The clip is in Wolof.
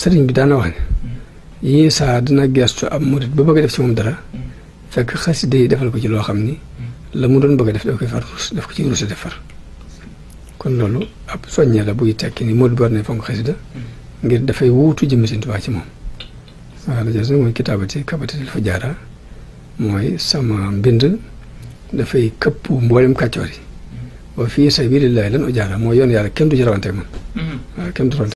sëriñ bi daana wax ne yii saa dina geestu ab murit ba bëgg def ci moom dara fekk xasida yi defal ko ci loo xam ni la mu doon bëgg a def daf koy far ruus daf ko ci ruus a defar kon loolu ab soññee la buy tekki ni moo war na fonk xasida ngir dafay wuutu jëmmi Sëriñ Tuubaa ci moom waaw la jës nag mooy kitaabati kabati dafa jaara mooy sama mbind dafay këpp mboolem kàccoor yi wa fii sabilillahi lan ujaara mooy yoon yàlla kenn du ci rawante mm-hmm. kenn du rawante